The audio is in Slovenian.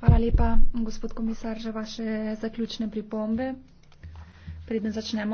Hvala lepa, gospod komisar, za vaše zaključne pripombe. Preden začnemo